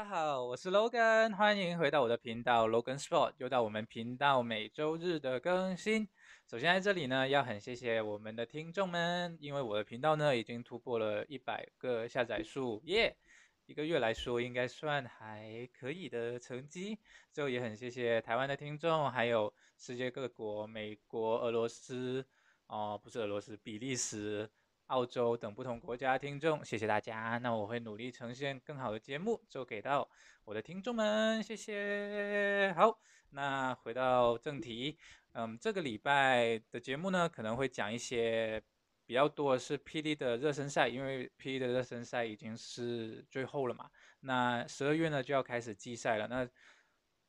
大家好，我是 Logan，歡迎回到我的頻道 Logan Sport，又到我們頻道每周日的更新。首先在這裡呢，要很謝謝我們的聽眾們，因為我的頻道呢已經突破了一百個下載數，耶、yeah!！一個月來說應該算還可以的成績。最後也很謝謝台灣的聽眾，還有世界各國、美國、俄羅斯，哦、呃，不是俄羅斯，比利時。澳洲等不同國家聽眾，謝謝大家。那我會努力呈現更好的節目，就給到我的聽眾們。謝謝。好，那回到正題，嗯，這個禮拜的節目呢，可能會講一些比較多的是 P+ 的熱身賽，因為 P+ 的熱身賽已經是最後了嘛。那十二月呢就要開始季賽了。那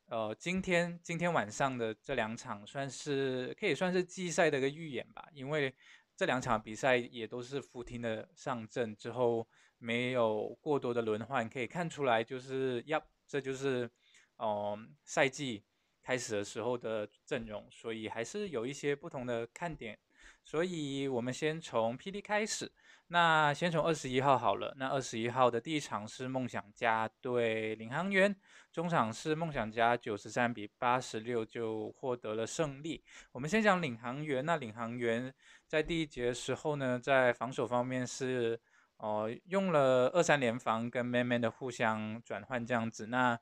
呃，今天今天晚上的這兩場算是可以算是季賽的一個預演吧，因為。這兩場比賽也都是付聽的上陣，之後沒有過多的輪換，可以看出來就是要，Yep, 這就是，嗯、呃、賽季開始的時候的陣容，所以還是有一些不同的看點，所以我們先從 PD 開始。那先從二十一號好了。那二十一號的第一場是夢想家對領航員，中場是夢想家九十三比八十六就獲得了勝利。我們先講領航員，那領航員在第一節時候呢，在防守方面是呃用了二三聯防跟慢慢的互相轉換這樣子。那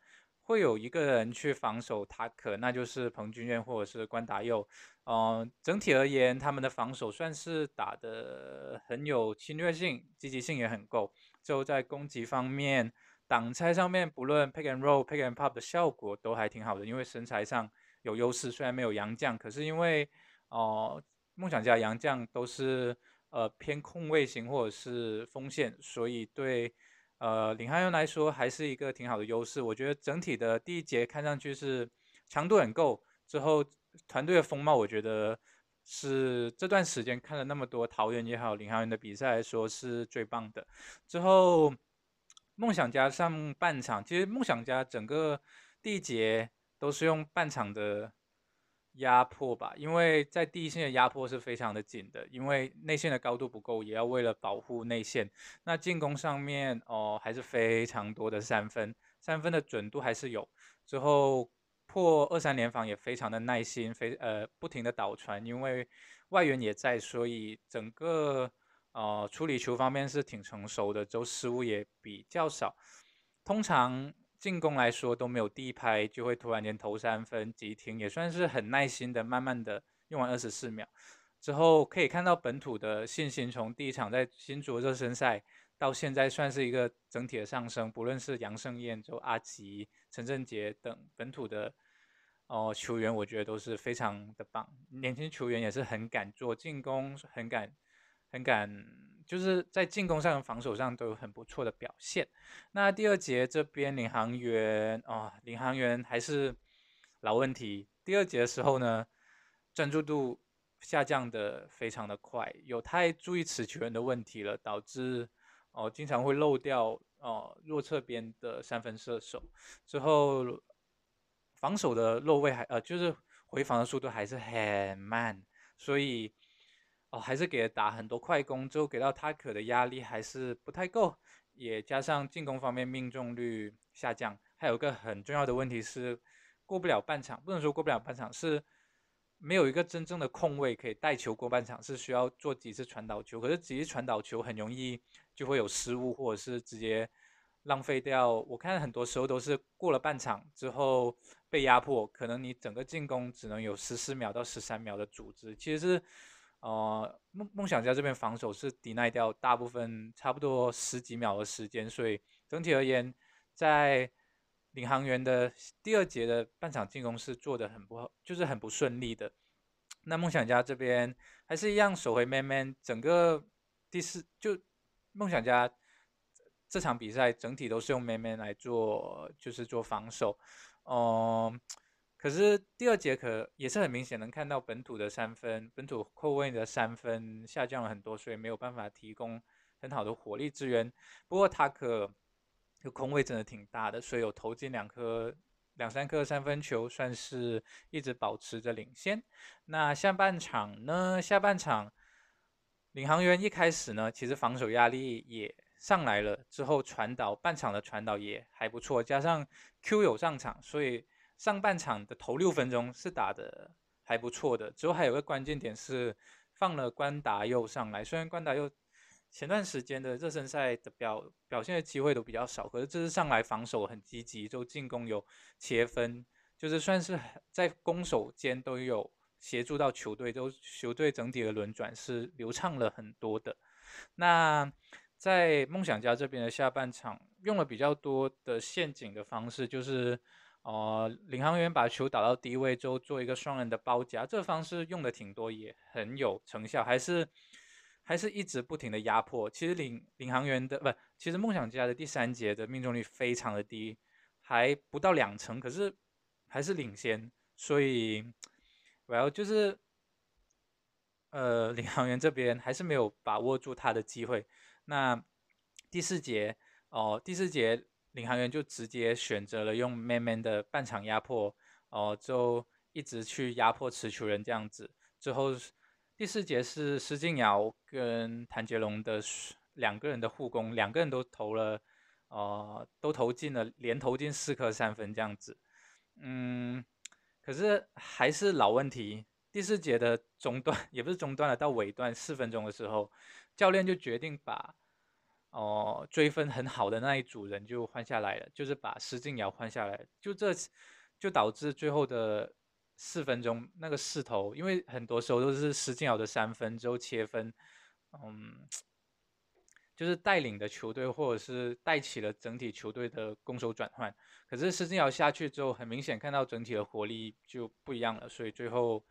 會有一個人去防守塔克，那就是彭俊諺或者是關達祐。呃，整體而言，他們的防守算是打得很有侵略性，積極性也很夠。就在攻擊方面，擋拆上面，不論 pick and roll、pick and pop 的效果都還挺好的，因為身材上有優勢。雖然沒有洋將，可是因為，哦、呃，夢想家洋將都是呃偏控衛型或者是鋒線，所以對。呃，領航員來說還是一個挺好的優勢。我覺得整體的第一節看上去是強度很夠，之後團隊的風貌，我覺得是這段時間看了那麼多桃園也好，領航員的比賽來說是最棒的。之後夢想家上半場，其實夢想家整個第一節都是用半場的。壓迫吧，因為在第一線的壓迫是非常的緊的，因為內線的高度不夠，也要為了保護內線。那進攻上面哦，還是非常多的三分，三分的準度還是有。之後破二三聯防也非常的耐心，非呃不停的倒傳，因為外援也在，所以整個呃處理球方面是挺成熟的，就失誤也比較少。通常。進攻來說都沒有第一拍，就會突然間投三分急停，也算是很耐心的，慢慢的用完二十四秒之後，可以看到本土的信心從第一場在新竹的熱身賽到現在算是一個整體的上升。不論是楊勝燕，就阿吉、陳振杰等本土的哦、呃、球員，我覺得都是非常的棒，年輕球員也是很敢做進攻，很敢，很敢。就是在進攻上、防守上都有很不錯的表現。那第二節這邊領航員哦，領航員還是老問題。第二節的時候呢，專注度下降的非常的快，有太注意持球員的問題了，導致哦經常會漏掉哦弱側邊的三分射手。之後防守的落位還呃就是回防的速度還是很慢，所以。哦，還是給了打很多快攻之後，給到塔克的壓力還是不太夠，也加上進攻方面命中率下降。還有一個很重要的問題是，過不了半場，不能說過不了半場，是沒有一個真正的空位可以帶球過半場，是需要做幾次傳導球。可是幾次傳導球很容易就會有失誤，或者是直接浪費掉。我看很多時候都是過了半場之後被壓迫，可能你整個進攻只能有十四秒到十三秒的組織，其實是。呃夢夢想家這邊防守是 deny 掉大部分，差不多十幾秒的時間，所以整體而言，在領航員的第二節的半場進攻是做的很不好，就是很不順利的。那夢想家這邊還是一樣守回 man man，整個第四就夢想家這場比賽整體都是用 man man 來做，就是做防守，哦、呃。可是第二節可也是很明顯能看到本土的三分，本土後衛的三分下降了很多，所以沒有辦法提供很好的火力支援。不過塔克這個空位真的挺大的，所以有投進兩顆、兩三顆三分球，算是一直保持着領先。那下半場呢？下半場領航員一開始呢，其實防守壓力也上來了，之後傳導半場的傳導也還不錯，加上 Q 有上場，所以。上半場的頭六分鐘是打得還不錯的，之後還有一個關鍵點是放了關達祐上來，雖然關達祐前段時間的熱身賽的表表現的機會都比較少，可是這次上來防守很積極，就進攻有切分，就是算是在攻守間都有協助到球隊，就球隊整體的輪轉是流暢了很多的。那在夢想家這邊的下半場用了比較多的陷阱的方式，就是。哦、呃，領航員把球打到低位之後，做一個雙人的包夾，這方式用的挺多，也很有成效，還是還是一直不停的壓迫。其實領領航員的不、呃，其實夢想家的第三節的命中率非常的低，還不到兩成，可是還是領先，所以，well 就是，呃，領航員這邊還是沒有把握住他的機會。那第四節，哦、呃，第四節。領航猿就直接選擇了用慢慢的半場壓迫，哦、呃，就一直去壓迫持球人這樣子。最後第四節是施晉堯跟譚傑龍的兩個人的互攻，兩個人都投了，呃，都投進了，連投進四顆三分這樣子。嗯，可是還是老問題，第四節的中段也不是中段了，到尾段四分鐘的時候，教練就決定把，哦，追分很好的那一組人就換下來了，就是把施晉堯換下來了，就這，就導致最後的四分鐘那個勢頭，因為很多時候都是施晉堯的三分之後切分，嗯，就是帶領的球隊或者是帶起了整體球隊的攻守轉換。可是施晉堯下去之後，很明顯看到整體的火力就不一樣了，所以最後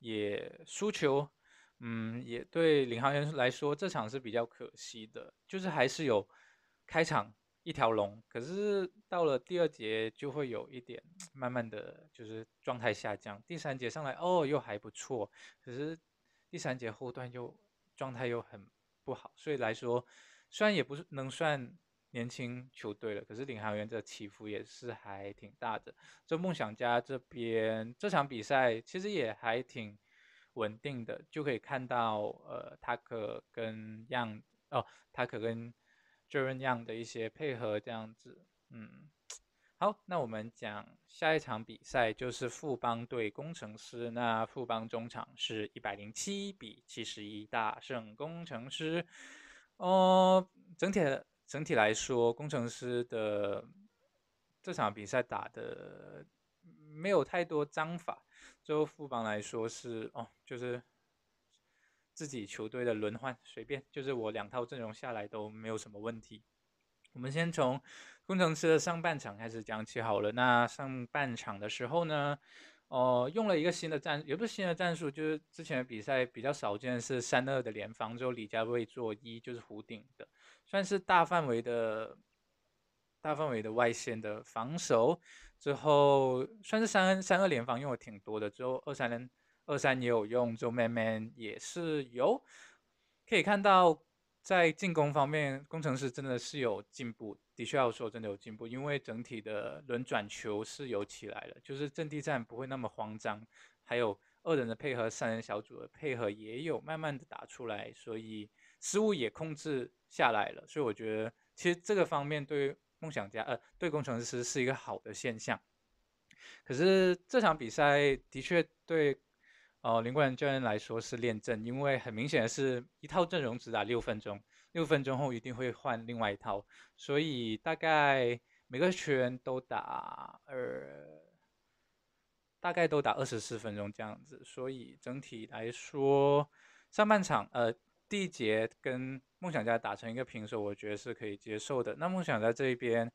也輸球。嗯，也對領航員來說，這場是比較可惜的，就是還是有開場一條龍，可是到了第二節就會有一點慢慢的就是狀態下降，第三節上來哦又還不錯，可是第三節後段又狀態又很不好，所以來說雖然也不是能算年輕球隊了，可是領航員的起伏也是還挺大的。這夢想家這邊這場比賽其實也還挺。穩定的就可以看到，呃，他可跟樣哦，他可跟 Jaren 樣的一些配合這樣子，嗯，好，那我們講下一場比賽就是富邦對工程師，那富邦中場是一百零七比七十一大勝工程師，哦，整體整體來說，工程師的這場比賽打得沒有太多章法。最後副榜來說是哦，就是自己球隊的輪換隨便，就是我兩套陣容下來都沒有什麼問題。我們先從攻城獅的上半場開始講起好了。那上半場的時候呢，哦、呃，用了一個新的戰，也不是新的戰術，就是之前的比賽比較少見的是三二的聯防，之後李家瑞做一，就是弧頂的，算是大範圍的大範圍的外線的防守。之後算是三三二聯防用的挺多的，之後二三聯二三也有用，之後慢慢也是有，可以看到在進攻方面，工程師真的是有進步，的確要說真的有進步，因為整體的輪轉球是有起來了，就是陣地戰不會那麼慌張，還有二人的配合、三人小組的配合也有慢慢的打出來，所以失誤也控制下來了，所以我覺得其實這個方面對於。夢想家，呃，對工程師是一個好的現象。可是這場比賽的確對，呃林冠元教練來說是練陣，因為很明顯的是，一套陣容只打六分鐘，六分鐘後一定會換另外一套，所以大概每個球員都打二、呃，大概都打二十四分鐘這樣子。所以整體來說，上半場，呃。第一節跟夢想家打成一個平手，我覺得是可以接受的。那夢想家在這邊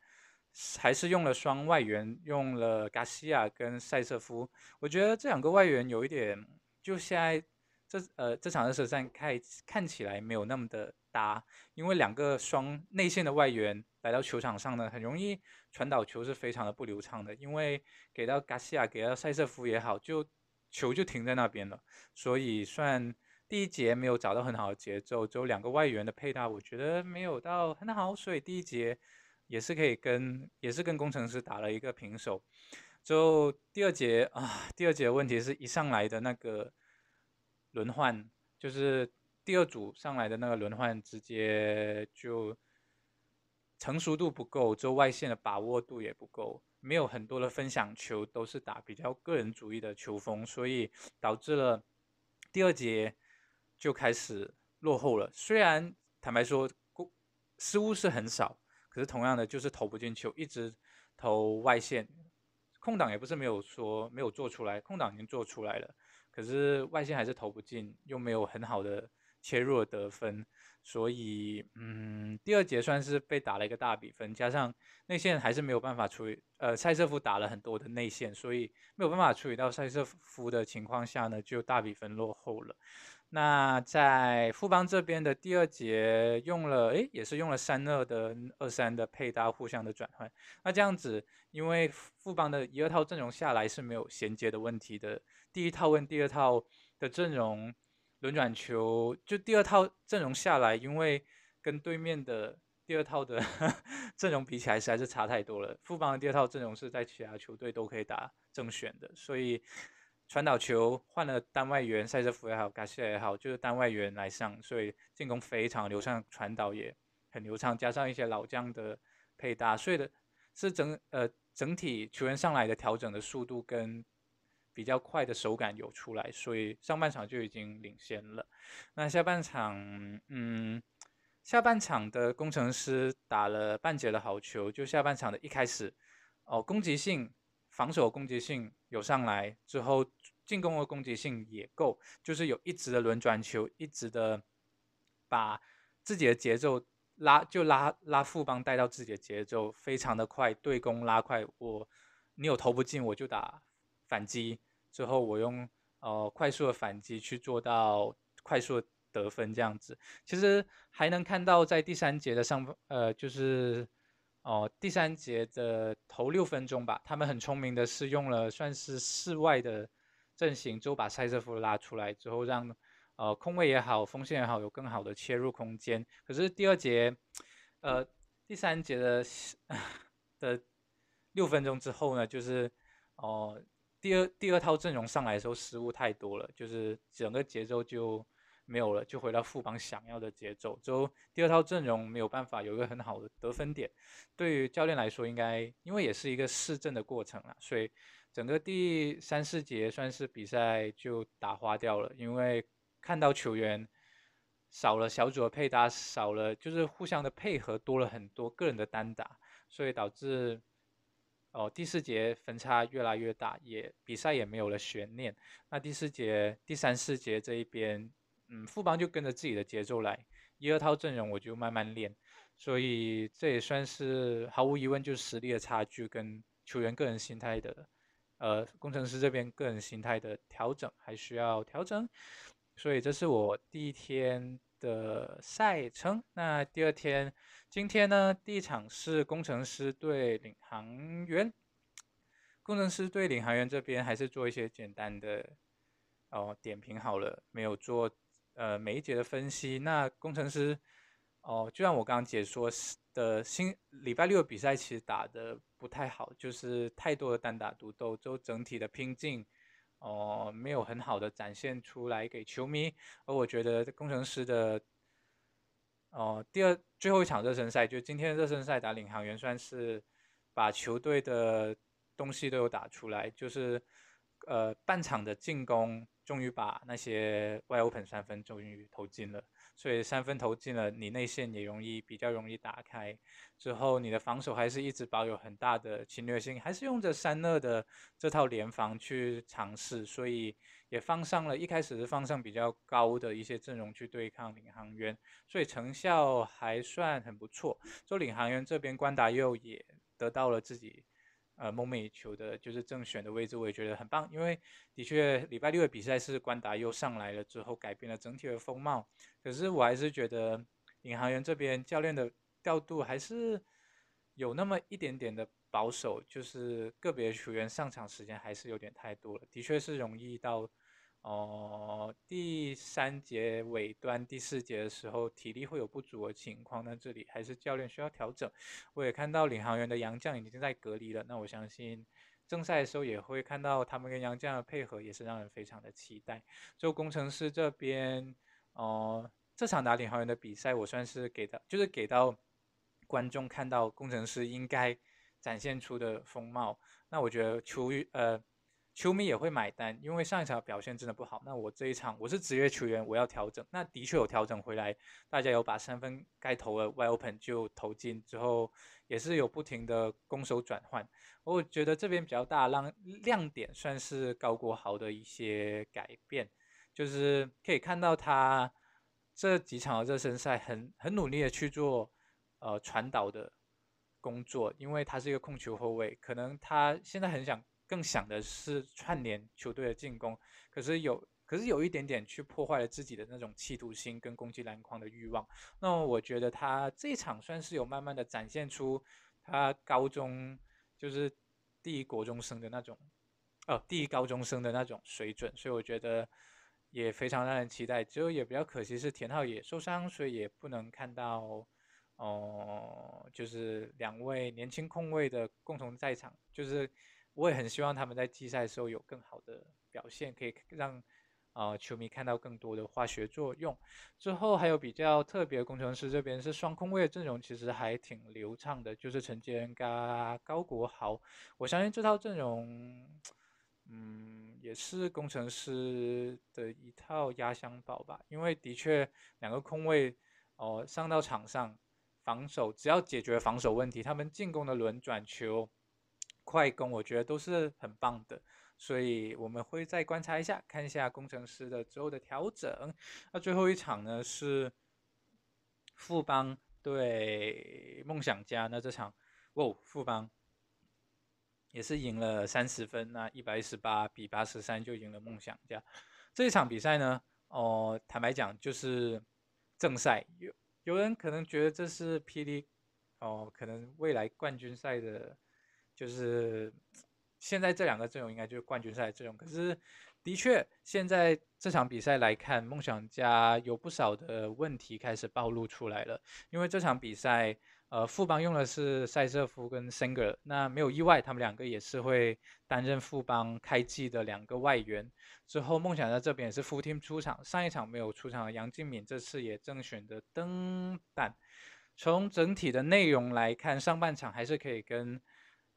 還是用了雙外援，用了加西亞跟塞瑟夫。我覺得這兩個外援有一點，就現在這呃這場的熱身賽看，看起來沒有那麼的搭，因為兩個雙內線的外援來到球場上呢，很容易傳導球是非常的不流暢的。因為給到加西亞給到塞瑟夫也好，就球就停在那邊了，所以算。第一節沒有找到很好的節奏，只有兩個外援的配搭，我覺得沒有到很好，所以第一節也是可以跟也是跟工程師打了一個平手。之後第二節啊，第二節的問題是一上來的那個輪換，就是第二組上來的那個輪換直接就成熟度不夠，之後外線的把握度也不夠，沒有很多的分享球，都是打比較個人主義的球風，所以導致了第二節。就開始落後了。雖然坦白說，失誤是很少，可是同樣的就是投不進球，一直投外線，空檔也不是沒有說沒有做出來，空檔已經做出來了，可是外線還是投不進，又沒有很好的切入得分，所以嗯，第二節算是被打了一個大比分，加上內線還是沒有辦法處理，呃，塞瑟夫打了很多的內線，所以沒有辦法處理到塞瑟夫的情況下呢，就大比分落後了。那在富邦這邊的第二節用了，哎，也是用了三二的二三的配搭，互相的轉換。那這樣子，因為富富邦的一二套陣容下來是沒有銜接的問題的，第一套跟第二套的陣容輪轉球，就第二套陣容下來，因為跟對面的第二套的呵呵陣容比起來，實在是差太多了。富邦的第二套陣容是在其他球隊都可以打正選的，所以。傳導球換了單外援，賽車服也好，卡帥也好，就是單外援來上，所以進攻非常流暢，傳導也很流暢，加上一些老將的配搭，所以的是整呃整體球員上來的調整的速度跟比較快的手感有出來，所以上半場就已經領先了。那下半場，嗯，下半場的攻城獅打了半截的好球，就下半場的一開始，哦，攻擊性。防守攻擊性有上來之後，進攻的攻擊性也夠，就是有一直的輪轉球，一直的把自己的節奏拉就拉拉富邦帶到自己的節奏，非常的快，對攻拉快我，你有投不進我就打反擊，之後我用呃快速的反擊去做到快速的得分這樣子。其實還能看到在第三節的上呃就是。哦，第三節的頭六分鐘吧，他們很聰明的是用了算是室外的陣型，之後把賽瑟夫拉出來之後讓，讓呃空位也好，鋒線也好，有更好的切入空間。可是第二節，呃，第三節的的六分鐘之後呢，就是哦、呃，第二第二套陣容上來的時候失誤太多了，就是整個節奏就。沒有了，就回到富邦想要的節奏。就第二套陣容沒有辦法有一個很好的得分點，對於教練來說，應該因為也是一個試陣的過程了，所以整個第三四節算是比賽就打花掉了。因為看到球員少了小組的配搭，少了就是互相的配合，多了很多個人的單打，所以導致哦第四節分差越來越大，也比賽也沒有了懸念。那第四節、第三四節這一邊。嗯，富邦就跟着自己的節奏來，一、二套陣容我就慢慢練，所以這也算是毫無疑問，就是實力的差距跟球員個人心態的，呃，工程師這邊個人心態的調整還需要調整，所以這是我第一天的賽程。那第二天，今天呢，第一場是工程師對領航猿，工程師對領航猿這邊還是做一些簡單的哦點評好了，沒有做。呃，每一節的分析，那工程師，哦，就像我剛剛解說的新，新禮拜六的比賽其實打得不太好，就是太多的單打獨鬥，就整體的拼勁，哦，沒有很好的展現出來給球迷。而我覺得工程師的，哦，第二，最後一場熱身賽，就是今天熱身賽打領航員，算是把球隊的東西都有打出來，就是呃半場的進攻。終於把那些外 Open 三分，終於投進了。所以三分投進了，你內線也容易比較容易打開。之後你的防守還是一直保有很大的侵略性，還是用着三二的這套聯防去嘗試。所以也放上了一開始是放上比較高的一些陣容去對抗領航員，所以成效還算很不錯。就領航員這邊，關達祐也得到了自己。呃，夢寐以求的就是正選的位置，我也覺得很棒。因為的確，禮拜六的比賽是關達又上來了之後，改變了整體的風貌。可是，我還是覺得領航員這邊教練的調度還是有那麼一點點的保守，就是個別球員上場時間還是有點太多了，的確是容易到。哦，第三節尾端、第四節的時候，體力會有不足的情況。那這裡還是教練需要調整。我也看到領航員的洋將已經在隔離了。那我相信正賽的時候也會看到他們跟洋將的配合，也是讓人非常的期待。就工程師這邊，哦，這場打領航員的比賽，我算是給到，就是給到觀眾看到工程師應該展現出的風貌。那我覺得，出於呃。球迷也會買單，因為上一場表現真的不好。那我這一場我是職業球員，我要調整。那的確有調整回來，大家有把三分該投的 wide open 就投進，之後也是有不停的攻守轉換。我覺得這邊比較大讓亮點，算是高國豪的一些改變，就是可以看到他這幾場的熱身賽很很努力的去做呃傳導的工作，因為他是一個控球後衛，可能他現在很想。更想的是串聯球隊的進攻，可是有可是有一點點去破壞了自己的那種企圖心跟攻擊籃筐的慾望。那我覺得他這一場算是有慢慢的展現出他高中就是第一國中生的那種，呃、哦，第一高中生的那種水準，所以我覺得也非常讓人期待。就也比較可惜是田浩也受傷，所以也不能看到哦、呃，就是兩位年輕控衛的共同在場，就是。我也很希望他們在季賽的時候有更好的表現，可以讓啊、呃、球迷看到更多的化學作用。之後還有比較特別的工程師這邊是雙控衛的陣容，其實還挺流暢的，就是陳杰恩加高國豪。我相信這套陣容，嗯，也是工程師的一套壓箱寶吧，因為的確兩個控衛哦、呃、上到場上防守，只要解決防守問題，他們進攻的輪轉球、快攻我覺得都是很棒的，所以我們會再觀察一下，看一下工程師的之後的調整。那、啊、最後一場呢是富邦對夢想家，那這場，哦，富邦也是贏了三十分，那一百一十八比八十三就贏了夢想家。這一場比賽呢，哦，坦白講就是正賽，有有人可能覺得這是 PD，哦，可能未來冠軍賽的。就是現在這兩個陣容應該就是冠軍賽的陣容。可是，的確，現在這場比賽來看，夢想家有不少的問題開始暴露出來了。因為這場比賽，呃，副幫用的是塞瑟夫跟 singer 那沒有意外，他們兩個也是會擔任副幫開季的兩個外援。之後，夢想家這邊也是副 team 出場，上一場沒有出場的楊敬敏這次也正選的登板。從整體的內容來看，上半場還是可以跟。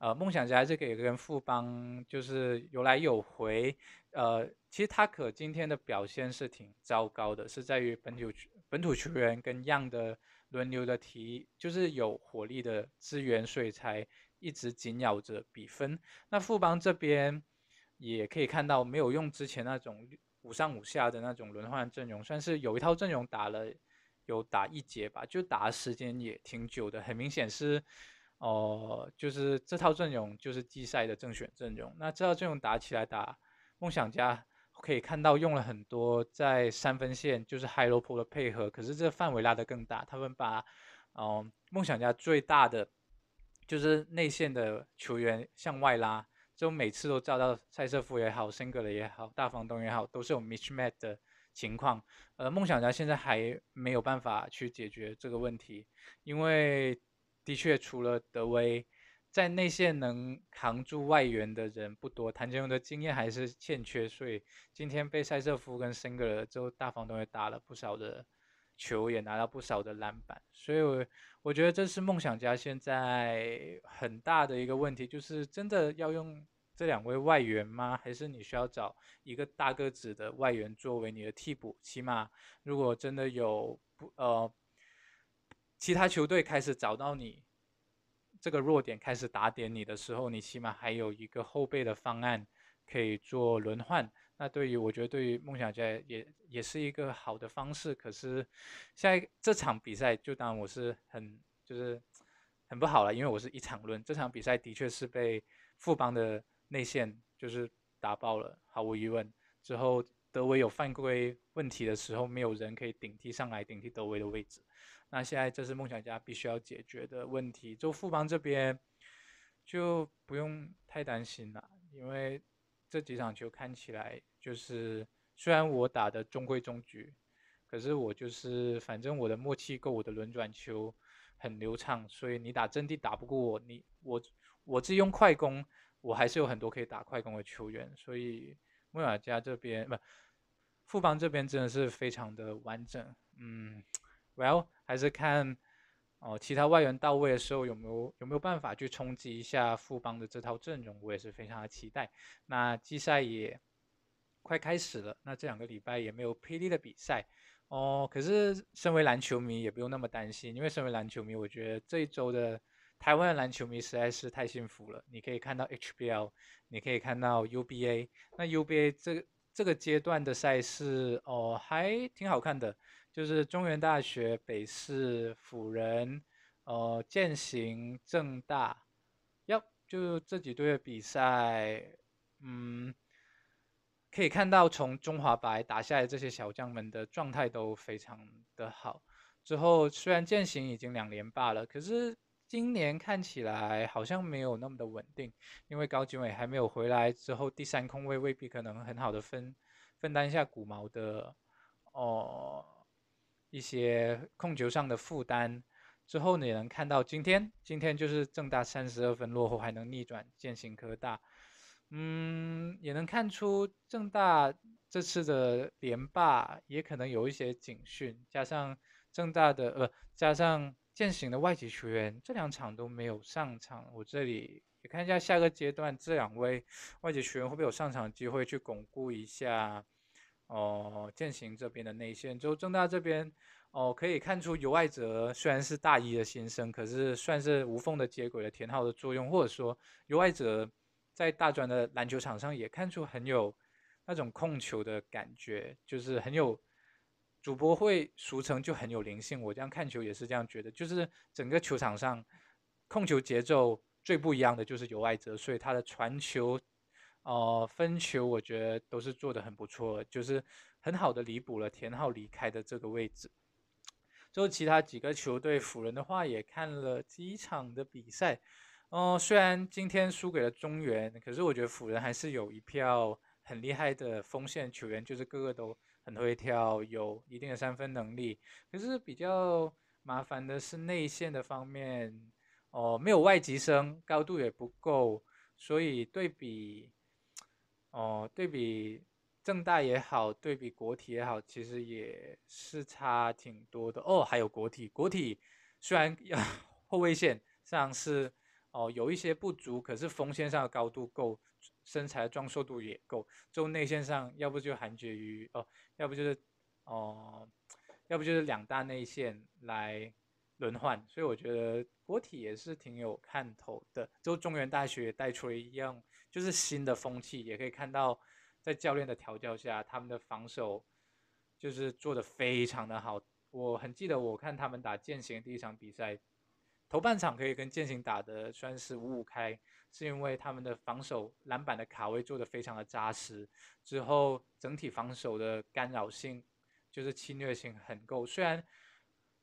呃，夢想家這個也跟富邦就是有來有回，呃，其實他可今天的表現是挺糟糕的，是在於本土本土球員跟樣的輪流的提，就是有火力的支援，所以才一直緊咬着比分。那富邦這邊也可以看到，沒有用之前那種五上五下的那種輪換陣容，算是有一套陣容打了有打一節吧，就打的時間也挺久的，很明顯是。哦、呃，就是這套陣容就是季賽的正選陣容。那這套陣容打起來打，夢想家可以看到用了很多在三分線，就是 high-low post 的配合。可是這範圍拉得更大，他們把嗯、呃、夢想家最大的就是內線的球員向外拉，就每次都找到塞瑟夫也好，single 的也好，大房東也好，都是有 mismatch 的情況。呃，夢想家現在還沒有辦法去解決這個問題，因為。的確，除了德威，在內線能扛住外援的人不多。譚建勇的經驗還是欠缺，所以今天被塞瑟夫跟申格爾之後，大房東也打了不少的球，也拿到不少的籃板。所以我，我我覺得這是夢想家現在很大的一個問題，就是真的要用這兩位外援嗎？還是你需要找一個大個子的外援作為你的替補？起碼如果真的有不呃，其他球隊開始找到你這個弱點，開始打點你的時候，你起碼還有一個後備的方案可以做輪換。那對於我覺得，對於夢想家也也是一個好的方式。可是，現在這場比賽就當我是很就是很不好了，因為我是一場論。這場比賽的確是被富邦的內線就是打爆了，毫無疑問。之後德威有犯規問題的時候，沒有人可以頂替上來頂替德威的位置。那現在這是夢想家必須要解決的問題。就富邦這邊就不用太擔心了，因為這幾場球看起來就是，雖然我打的中規中矩，可是我就是反正我的默契夠，我的輪轉球很流暢，所以你打陣地打不過我，你我我自己用快攻，我還是有很多可以打快攻的球員。所以夢想家這邊不，富邦這邊真的是非常的完整，嗯。Well，還是看哦，其他外援到位的時候有沒有有沒有辦法去衝擊一下富邦的這套陣容？我也是非常的期待。那季賽也快開始了，那這兩個禮拜也沒有 P+ 的比賽哦。可是身為籃球迷也不用那麼擔心，因為身為籃球迷，我覺得這一周的台灣的籃球迷實在是太幸福了。你可以看到 HBL，你可以看到 UBA，那 UBA 這這個階段的賽事哦，還挺好看的。就是中原大學、北市輔仁、呃，健行政大，要，yep, 就這幾隊的比賽，嗯，可以看到從中華白打下來的這些小將們的狀態都非常的好。之後雖然健行已經兩連霸了，可是今年看起來好像沒有那麼的穩定，因為高錦偉還沒有回來之後，第三空位未必可能很好的分分擔一下古毛的哦。呃一些控球上的負擔，之後呢也能看到今天，今天就是政大三十二分落後還能逆轉健行科大，嗯，也能看出政大這次的連霸也可能有一些警訊，加上政大的呃，加上健行的外籍球員這兩場都沒有上場，我這裡也看一下下個階段這兩位外籍球員會不會有上場機會去鞏固一下。哦，健行這邊的內線，就政大這邊，哦，可以看出游艾喆雖然是大一的新生，可是算是無縫的接軌了田浩的作用，或者說游艾喆在大專的籃球場上也看出很有那種控球的感覺，就是很有主播會俗稱就很有靈性，我這樣看球也是這樣覺得，就是整個球場上控球節奏最不一樣的就是游艾喆，所以他的傳球。哦、呃，分球，我覺得都是做得很不錯，就是很好的彌補了田浩離開的這個位置。之後其他幾個球隊輔仁的話，也看了幾場的比賽，哦、呃，雖然今天輸給了中原，可是我覺得輔仁還是有一票很厲害的鋒線球員，就是個個都很會跳，有一定的三分能力。可是比較麻煩的是內線的方面，哦、呃，沒有外籍生，高度也不夠，所以對比。哦、呃，對比政大也好，對比國體也好，其實也是差挺多的。哦，還有國體，國體雖然要後衛線上是哦、呃、有一些不足，可是鋒線上的高度夠，身材的壯碩度也夠，就內線上要不就韓爵於哦、呃，要不就是哦、呃，要不就是兩大內線來輪換，所以我覺得國體也是挺有看頭的。就中原大學帶出了一樣。就是新的風氣，也可以看到，在教練的調教下，他們的防守就是做得非常的好。我很記得我看他們打健行第一場比賽，頭半場可以跟健行打得算是五五開，是因為他們的防守籃板的卡位做得非常的扎實，之後整體防守的干擾性就是侵略性很夠。雖然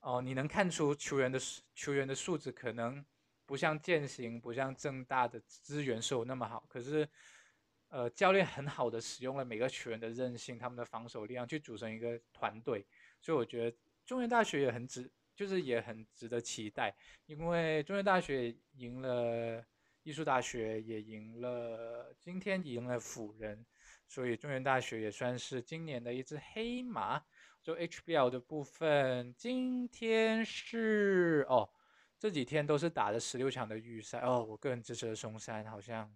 哦、呃，你能看出球員的球員的素質可能，不像健行，不像政大的資源是有那麼好，可是，呃，教練很好的使用了每個球員的韌性，他們的防守力量去組成一個團隊，所以我覺得中原大學也很值，就是也很值得期待，因為中原大學贏了藝術大學，也贏了今天贏了輔仁，所以中原大學也算是今年的一支黑馬。就 HBL 的部分，今天是哦。這幾天都是打的十六強的預賽哦，我個人支持的松山好像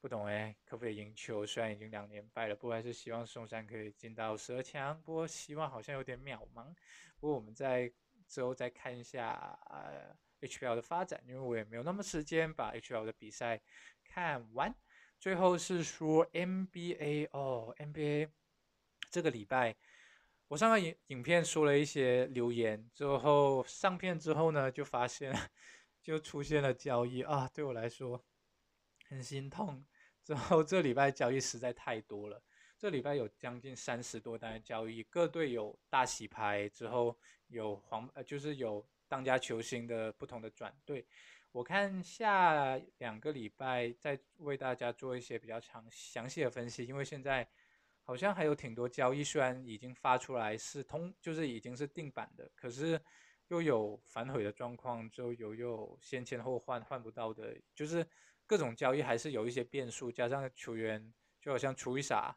不懂哎，可不可以贏球？雖然已經兩連敗了，不過還是希望松山可以進到十二強，不過希望好像有點渺茫。不過我們在之後再看一下、呃、HBL 的發展，因為我也沒有那麼時間把 HBL 的比賽看完。最後是說 NBA 哦，NBA 這個禮拜。我上個影影片說了一些留言之後，上片之後呢，就發現就出現了交易啊，對我來說很心痛。之後這禮拜交易實在太多了，這禮拜有將近三十多單交易，各隊有大洗牌，之後有黃呃，就是有當家球星的不同的轉隊。我看下兩個禮拜再為大家做一些比較詳詳細的分析，因為現在。好像還有挺多交易，雖然已經發出來是通，就是已經是定版的，可是又有反悔的狀況，就有有先簽後換，換不到的，就是各種交易還是有一些變數。加上球員就好像出一傻，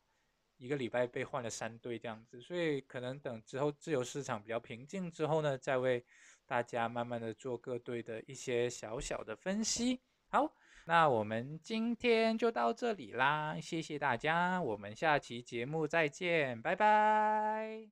一個禮拜被換了三隊這樣子，所以可能等之後自由市場比較平靜之後呢，再為大家慢慢的做各隊的一些小小的分析。好。那我們今天就到這裡啦，謝謝大家，我們下期節目再見，拜拜。